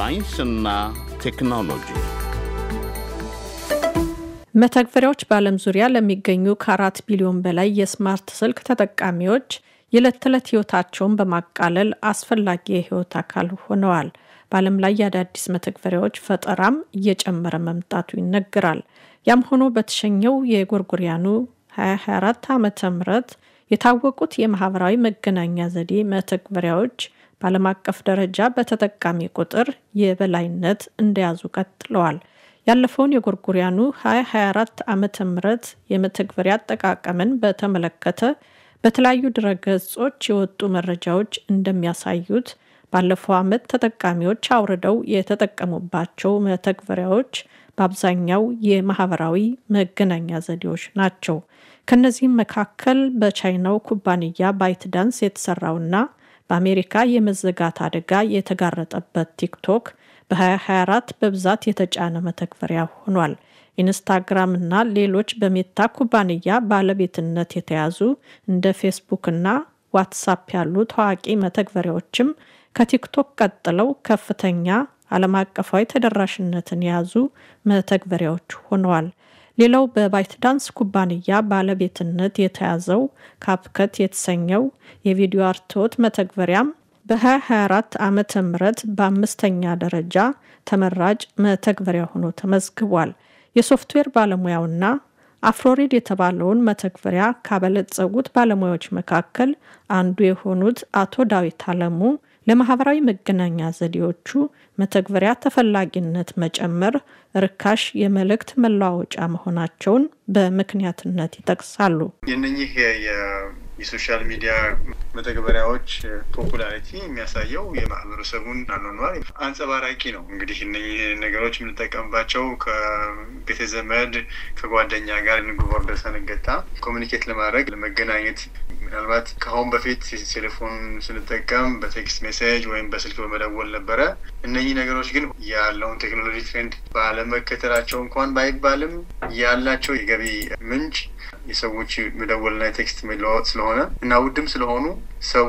ሳይንስና ቴክኖሎጂ መተግበሪያዎች በዓለም ዙሪያ ለሚገኙ ከአራት ቢሊዮን በላይ የስማርት ስልክ ተጠቃሚዎች የዕለት ተዕለት ሕይወታቸውን በማቃለል አስፈላጊ የሕይወት አካል ሆነዋል። በዓለም ላይ የአዳዲስ መተግበሪያዎች ፈጠራም እየጨመረ መምጣቱ ይነገራል። ያም ሆኖ በተሸኘው የጎርጎሪያኑ 2024 ዓ ም የታወቁት የማህበራዊ መገናኛ ዘዴ መተግበሪያዎች በዓለም አቀፍ ደረጃ በተጠቃሚ ቁጥር የበላይነት እንደያዙ ቀጥለዋል። ያለፈውን የጎርጎሪያኑ 2024 ዓመተ ምህረት የመተግበሪያ አጠቃቀምን በተመለከተ በተለያዩ ድረገጾች የወጡ መረጃዎች እንደሚያሳዩት ባለፈው ዓመት ተጠቃሚዎች አውርደው የተጠቀሙባቸው መተግበሪያዎች በአብዛኛው የማህበራዊ መገናኛ ዘዴዎች ናቸው። ከእነዚህም መካከል በቻይናው ኩባንያ ባይት ዳንስ የተሰራውና በአሜሪካ የመዘጋት አደጋ የተጋረጠበት ቲክቶክ በ2024 በብዛት የተጫነ መተግበሪያ ሆኗል። ኢንስታግራም እና ሌሎች በሜታ ኩባንያ ባለቤትነት የተያዙ እንደ ፌስቡክ እና ዋትሳፕ ያሉ ታዋቂ መተግበሪያዎችም ከቲክቶክ ቀጥለው ከፍተኛ ዓለም አቀፋዊ ተደራሽነትን የያዙ መተግበሪያዎች ሆነዋል። ሌላው ዳንስ ኩባንያ ባለቤትነት የተያዘው ካፕከት የተሰኘው የቪዲዮ አርትዖት መተግበሪያም በ2024 ዓመተ ምህረት በአምስተኛ ደረጃ ተመራጭ መተግበሪያ ሆኖ ተመዝግቧል። የሶፍትዌር ባለሙያውና አፍሮሪድ የተባለውን መተግበሪያ ካበለጸጉት ባለሙያዎች መካከል አንዱ የሆኑት አቶ ዳዊት አለሙ ለማህበራዊ መገናኛ ዘዴዎቹ መተግበሪያ ተፈላጊነት መጨመር ርካሽ የመልእክት መለዋወጫ መሆናቸውን በምክንያትነት ይጠቅሳሉ። የነኚህ የሶሻል ሚዲያ መተግበሪያዎች ፖፑላሪቲ የሚያሳየው የማህበረሰቡን አኗኗር አንጸባራቂ ነው። እንግዲህ እነኚህ ነገሮች የምንጠቀምባቸው ከቤተዘመድ ከጓደኛ ጋር ንግቦር ደሰንገታ ኮሚኒኬት ለማድረግ ለመገናኘት ምናልባት ከአሁን በፊት ቴሌፎን ስንጠቀም በቴክስት ሜሴጅ ወይም በስልክ በመደወል ነበረ። እነኚህ ነገሮች ግን ያለውን ቴክኖሎጂ ትሬንድ ባለመከተላቸው እንኳን ባይባልም ያላቸው የገቢ ምንጭ የሰዎች መደወልና የቴክስት መለዋወጥ ስለሆነ እና ውድም ስለሆኑ ሰው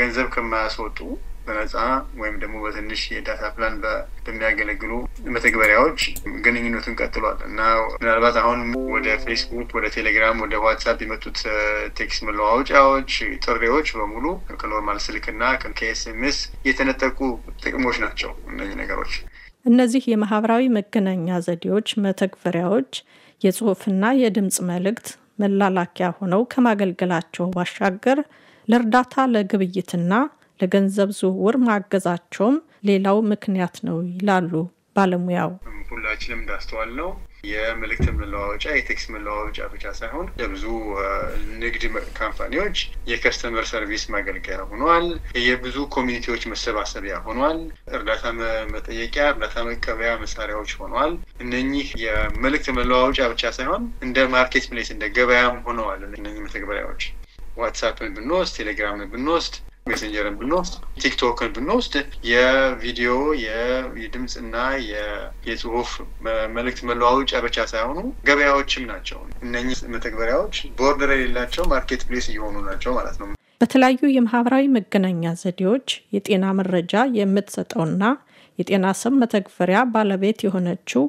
ገንዘብ ከማያስወጡ በነፃ ወይም ደግሞ በትንሽ የዳታ ፕላን በሚያገለግሉ መተግበሪያዎች ግንኙነቱን ቀጥሏል እና ምናልባት አሁን ወደ ፌስቡክ፣ ወደ ቴሌግራም፣ ወደ ዋትሳፕ የመጡት ቴክስት መለዋወጫዎች፣ ጥሪዎች በሙሉ ከኖርማል ስልክና ከኤስኤምኤስ የተነጠቁ ጥቅሞች ናቸው። እነዚህ ነገሮች እነዚህ የማህበራዊ መገናኛ ዘዴዎች መተግበሪያዎች የጽሁፍና የድምፅ መልእክት መላላኪያ ሆነው ከማገልገላቸው ባሻገር ለእርዳታ ለግብይትና ለገንዘብ ዝውውር ማገዛቸውም ሌላው ምክንያት ነው ይላሉ ባለሙያው። ሁላችንም እንዳስተዋል ነው የመልእክት መለዋወጫ የቴክስት መለዋወጫ ብቻ ሳይሆን የብዙ ንግድ ካምፓኒዎች የከስተመር ሰርቪስ ማገልገያ ሆኗል። የብዙ ኮሚኒቲዎች መሰባሰቢያ ሆኗል። እርዳታ መጠየቂያ፣ እርዳታ መቀበያ መሳሪያዎች ሆኗል። እነኚህ የመልእክት መለዋወጫ ብቻ ሳይሆን እንደ ማርኬት ፕሌስ እንደ ገበያም ሆነዋል። እነኚህ መተግበሪያዎች ዋትሳፕን ብንወስድ፣ ቴሌግራምን ብንወስድ ሜሴንጀርን ብንወስድ ቲክቶክን ብንወስድ የቪዲዮ የድምፅ እና የጽሁፍ መልእክት መለዋወጫ ብቻ ሳይሆኑ ገበያዎችም ናቸው። እነኚህ መተግበሪያዎች ቦርደር የሌላቸው ማርኬት ፕሌስ እየሆኑ ናቸው ማለት ነው። በተለያዩ የማህበራዊ መገናኛ ዘዴዎች የጤና መረጃ የምትሰጠውና የጤና ስም መተግበሪያ ባለቤት የሆነችው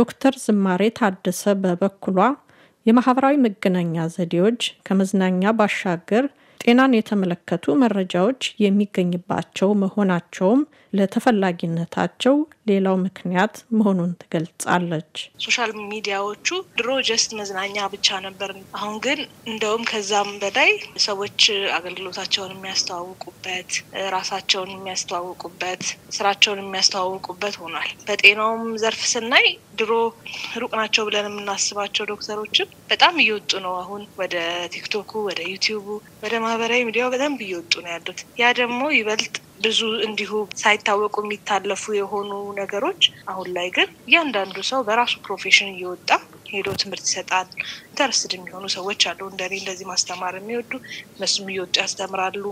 ዶክተር ዝማሬ ታደሰ በበኩሏ የማህበራዊ መገናኛ ዘዴዎች ከመዝናኛ ባሻገር ጤናን የተመለከቱ መረጃዎች የሚገኝባቸው መሆናቸውም ለተፈላጊነታቸው ሌላው ምክንያት መሆኑን ትገልጻለች። ሶሻል ሚዲያዎቹ ድሮ ጀስት መዝናኛ ብቻ ነበር። አሁን ግን እንደውም ከዛም በላይ ሰዎች አገልግሎታቸውን የሚያስተዋውቁበት፣ ራሳቸውን የሚያስተዋውቁበት፣ ስራቸውን የሚያስተዋውቁበት ሆኗል። በጤናውም ዘርፍ ስናይ ድሮ ሩቅ ናቸው ብለን የምናስባቸው ዶክተሮችም በጣም እየወጡ ነው። አሁን ወደ ቲክቶኩ፣ ወደ ዩቲዩቡ፣ ወደ ማህበራዊ ሚዲያው በጣም እየወጡ ነው ያሉት። ያ ደግሞ ይበልጥ ብዙ እንዲሁ ሳይታወቁ የሚታለፉ የሆኑ ነገሮች አሁን ላይ ግን እያንዳንዱ ሰው በራሱ ፕሮፌሽን እየወጣ ሄዶ ትምህርት ይሰጣል። ኢንተረስትድ የሚሆኑ ሰዎች አሉ። እንደኔ እንደዚህ ማስተማር የሚወዱ እነሱም እየወጡ ያስተምራሉ።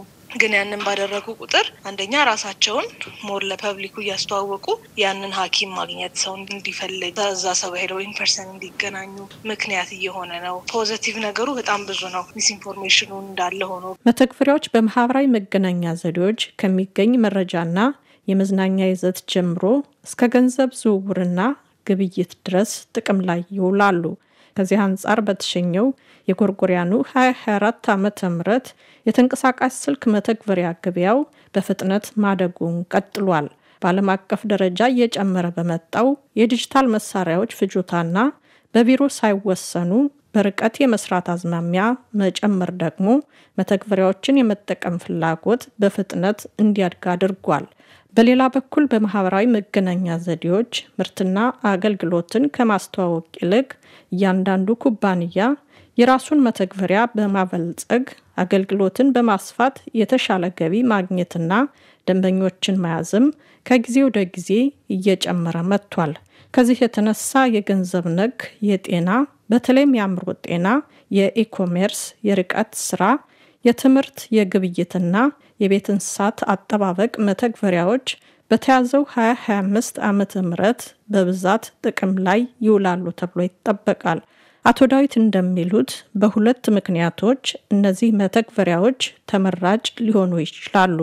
ግን ያንን ባደረጉ ቁጥር አንደኛ ራሳቸውን ሞር ለፐብሊኩ እያስተዋወቁ ያንን ሀኪም ማግኘት ሰው እንዲፈልግ እዛ ሰው ሄደው ኢንፐርሰን እንዲገናኙ ምክንያት እየሆነ ነው። ፖዘቲቭ ነገሩ በጣም ብዙ ነው። ሚስኢንፎርሜሽኑ እንዳለ ሆኖ መተግበሪያዎች በማህበራዊ መገናኛ ዘዴዎች ከሚገኝ መረጃና የመዝናኛ ይዘት ጀምሮ እስከ ገንዘብ ዝውውርና ግብይት ድረስ ጥቅም ላይ ይውላሉ። ከዚህ አንጻር በተሸኘው የጎርጎሪያኑ 2024 ዓመተ ም የተንቀሳቃሽ ስልክ መተግበሪያ ገበያው በፍጥነት ማደጉን ቀጥሏል። በዓለም አቀፍ ደረጃ እየጨመረ በመጣው የዲጂታል መሳሪያዎች ፍጆታና በቢሮ ሳይወሰኑ በርቀት የመስራት አዝማሚያ መጨመር ደግሞ መተግበሪያዎችን የመጠቀም ፍላጎት በፍጥነት እንዲያድግ አድርጓል። በሌላ በኩል በማህበራዊ መገናኛ ዘዴዎች ምርትና አገልግሎትን ከማስተዋወቅ ይልቅ እያንዳንዱ ኩባንያ የራሱን መተግበሪያ በማበልጸግ አገልግሎትን በማስፋት የተሻለ ገቢ ማግኘትና ደንበኞችን መያዝም ከጊዜ ወደ ጊዜ እየጨመረ መጥቷል። ከዚህ የተነሳ የገንዘብ ነክ፣ የጤና በተለይም የአእምሮ ጤና፣ የኢኮሜርስ፣ የርቀት ስራ፣ የትምህርት፣ የግብይትና የቤት እንስሳት አጠባበቅ መተግበሪያዎች በተያዘው 2025 ዓመተ ምህረት በብዛት ጥቅም ላይ ይውላሉ ተብሎ ይጠበቃል። አቶ ዳዊት እንደሚሉት በሁለት ምክንያቶች እነዚህ መተግበሪያዎች ተመራጭ ሊሆኑ ይችላሉ።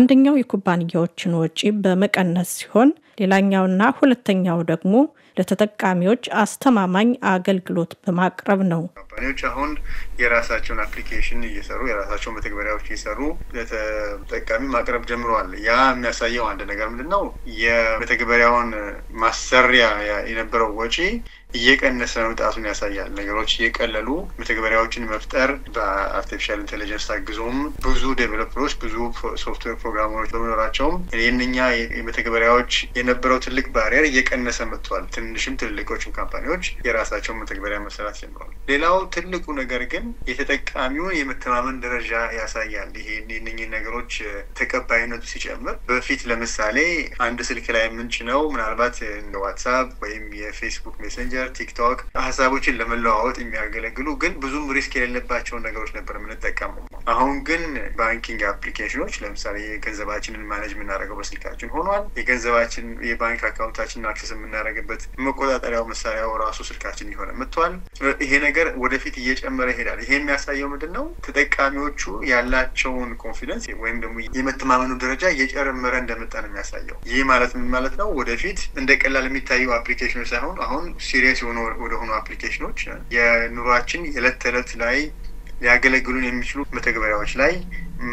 አንደኛው የኩባንያዎችን ወጪ በመቀነስ ሲሆን ሌላኛውና ሁለተኛው ደግሞ ለተጠቃሚዎች አስተማማኝ አገልግሎት በማቅረብ ነው። ካምፓኒዎች አሁን የራሳቸውን አፕሊኬሽን እየሰሩ የራሳቸውን መተግበሪያዎች እየሰሩ ለተጠቃሚ ማቅረብ ጀምረዋል። ያ የሚያሳየው አንድ ነገር ምንድን ነው? የመተግበሪያውን ማሰሪያ የነበረው ወጪ እየቀነሰ መምጣቱን ያሳያል። ነገሮች እየቀለሉ መተግበሪያዎችን መፍጠር በአርቲፊሻል ኢንቴሊጀንስ ታግዞም ብዙ ዴቨሎፐሮች፣ ብዙ ሶፍትዌር ፕሮግራመሮች በመኖራቸውም የእነኛ መተግበሪያዎች የነበረው ትልቅ ባሪየር እየቀነሰ መጥቷል። ትንሽም ትልልቆችም ካምፓኒዎች የራሳቸውን መተግበሪያ መሰራት ጀምረዋል። ሌላው ትልቁ ነገር ግን የተጠቃሚውን የመተማመን ደረጃ ያሳያል። ይሄ ነገሮች ተቀባይነቱ ሲጨምር በፊት ለምሳሌ አንድ ስልክ ላይ ምንጭ ነው ምናልባት እንደ ዋትሳፕ ወይም የፌስቡክ ሜሴንጀር ትዊተር፣ ቲክቶክ ሀሳቦችን ለመለዋወጥ የሚያገለግሉ ግን ብዙም ሪስክ የሌለባቸውን ነገሮች ነበር የምንጠቀመው። አሁን ግን ባንኪንግ አፕሊኬሽኖች ለምሳሌ የገንዘባችንን ማነጅ የምናደርገው በስልካችን ሆኗል። የገንዘባችን የባንክ አካውንታችንን አክሰስ የምናደርግበት መቆጣጠሪያው መሳሪያው ራሱ ስልካችን የሆነ መጥቷል። ይሄ ነገር ወደፊት እየጨመረ ይሄዳል። ይሄ የሚያሳየው ምንድን ነው? ተጠቃሚዎቹ ያላቸውን ኮንፊደንስ ወይም ደግሞ የመተማመኑ ደረጃ እየጨመረ እንደመጣ ነው የሚያሳየው። ይህ ማለት ምን ማለት ነው? ወደፊት እንደ ቀላል የሚታዩ አፕሊኬሽኖች ሳይሆን አሁን ሲሪ የሆነ ወደ ወደሆኑ አፕሊኬሽኖች የኑሯችን የዕለት ተዕለት ላይ ሊያገለግሉን የሚችሉ መተግበሪያዎች ላይ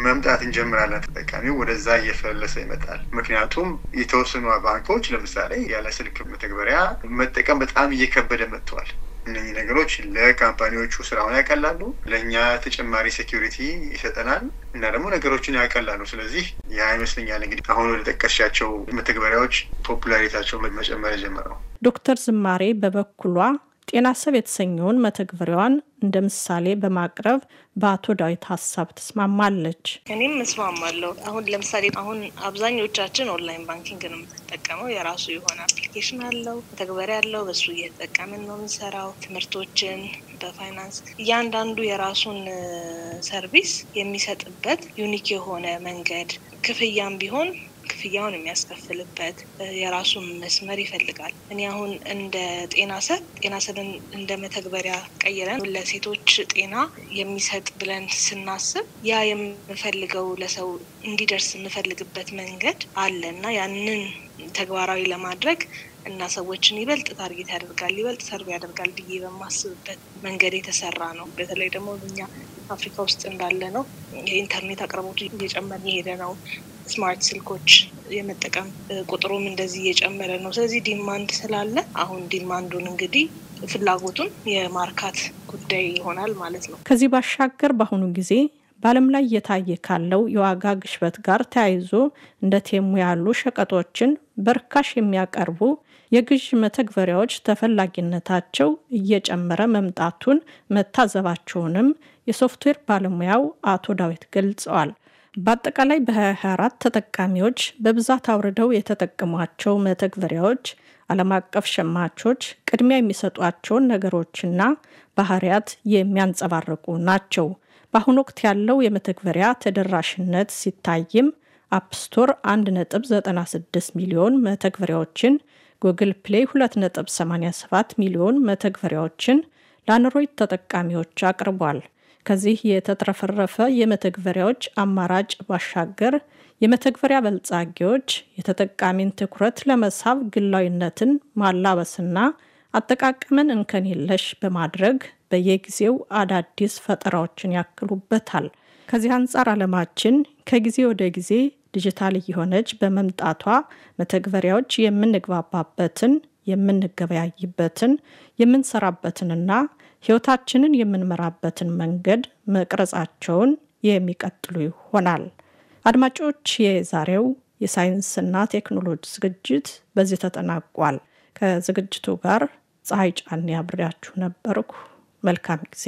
መምጣት እንጀምራለን። ተጠቃሚው ወደዛ እየፈለሰ ይመጣል። ምክንያቱም የተወሰኑ ባንኮች ለምሳሌ ያለ ስልክ መተግበሪያ መጠቀም በጣም እየከበደ መጥተዋል። እነኚህ ነገሮች ለካምፓኒዎቹ ስራውን ያቀላሉ፣ ለእኛ ተጨማሪ ሴኪሪቲ ይሰጠናል እና ደግሞ ነገሮችን ያቀላሉ። ስለዚህ ያ ይመስለኛል እንግዲህ አሁን ወደ ጠቀሻቸው መተግበሪያዎች ፖፑላሪታቸው መጨመር የጀመረው። ዶክተር ዝማሬ በበኩሏ ጤና ሰብ የተሰኘውን መተግበሪያዋን እንደ ምሳሌ በማቅረብ በአቶ ዳዊት ሀሳብ ትስማማለች። እኔም እስማማለሁ። አሁን ለምሳሌ አሁን አብዛኞቻችን ኦንላይን ባንኪንግ ነው የምንጠቀመው። የራሱ የሆነ አፕሊኬሽን አለው፣ መተግበሪያ አለው። በሱ እየተጠቀምን ነው የምንሰራው ትምህርቶችን በፋይናንስ እያንዳንዱ የራሱን ሰርቪስ የሚሰጥበት ዩኒክ የሆነ መንገድ ክፍያም ቢሆን ክፍያውን የሚያስከፍልበት የራሱን መስመር ይፈልጋል። እኔ አሁን እንደ ጤና ሰብ ጤና ሰብን እንደ መተግበሪያ ቀይረን ለሴቶች ጤና የሚሰጥ ብለን ስናስብ ያ የምፈልገው ለሰው እንዲደርስ የምፈልግበት መንገድ አለ እና ያንን ተግባራዊ ለማድረግ እና ሰዎችን ይበልጥ ታርጌት ያደርጋል ይበልጥ ሰርቭ ያደርጋል ብዬ በማስብበት መንገድ የተሰራ ነው። በተለይ ደግሞ እኛ አፍሪካ ውስጥ እንዳለ ነው የኢንተርኔት አቅርቦቱ እየጨመረ የሄደ ነው። ስማርት ስልኮች የመጠቀም ቁጥሩም እንደዚህ እየጨመረ ነው። ስለዚህ ዲማንድ ስላለ አሁን ዲማንዱን እንግዲህ ፍላጎቱን የማርካት ጉዳይ ይሆናል ማለት ነው። ከዚህ ባሻገር በአሁኑ ጊዜ በዓለም ላይ እየታየ ካለው የዋጋ ግሽበት ጋር ተያይዞ እንደ ቴሙ ያሉ ሸቀጦችን በርካሽ የሚያቀርቡ የግዥ መተግበሪያዎች ተፈላጊነታቸው እየጨመረ መምጣቱን መታዘባቸውንም የሶፍትዌር ባለሙያው አቶ ዳዊት ገልጸዋል። በአጠቃላይ በ 24 ተጠቃሚዎች በብዛት አውርደው የተጠቀሟቸው መተግበሪያዎች ዓለም አቀፍ ሸማቾች ቅድሚያ የሚሰጧቸውን ነገሮችና ባህሪያት የሚያንጸባርቁ ናቸው። በአሁኑ ወቅት ያለው የመተግበሪያ ተደራሽነት ሲታይም አፕስቶር 1.96 ሚሊዮን መተግበሪያዎችን፣ ጉግል ፕሌይ 2.87 ሚሊዮን መተግበሪያዎችን ለአንድሮይድ ተጠቃሚዎች አቅርቧል። ከዚህ የተትረፈረፈ የመተግበሪያዎች አማራጭ ባሻገር የመተግበሪያ በልጻጌዎች የተጠቃሚን ትኩረት ለመሳብ ግላዊነትን ማላበስና አጠቃቀምን እንከን የለሽ በማድረግ በየጊዜው አዳዲስ ፈጠራዎችን ያክሉበታል። ከዚህ አንጻር ዓለማችን ከጊዜ ወደ ጊዜ ዲጂታል እየሆነች በመምጣቷ መተግበሪያዎች የምንግባባበትን፣ የምንገበያይበትን፣ የምንሰራበትንና ህይወታችንን የምንመራበትን መንገድ መቅረጻቸውን የሚቀጥሉ ይሆናል። አድማጮች፣ የዛሬው የሳይንስና ቴክኖሎጂ ዝግጅት በዚህ ተጠናቋል። ከዝግጅቱ ጋር ፀሐይ ጫን ያብሬያችሁ ነበርኩ። መልካም ጊዜ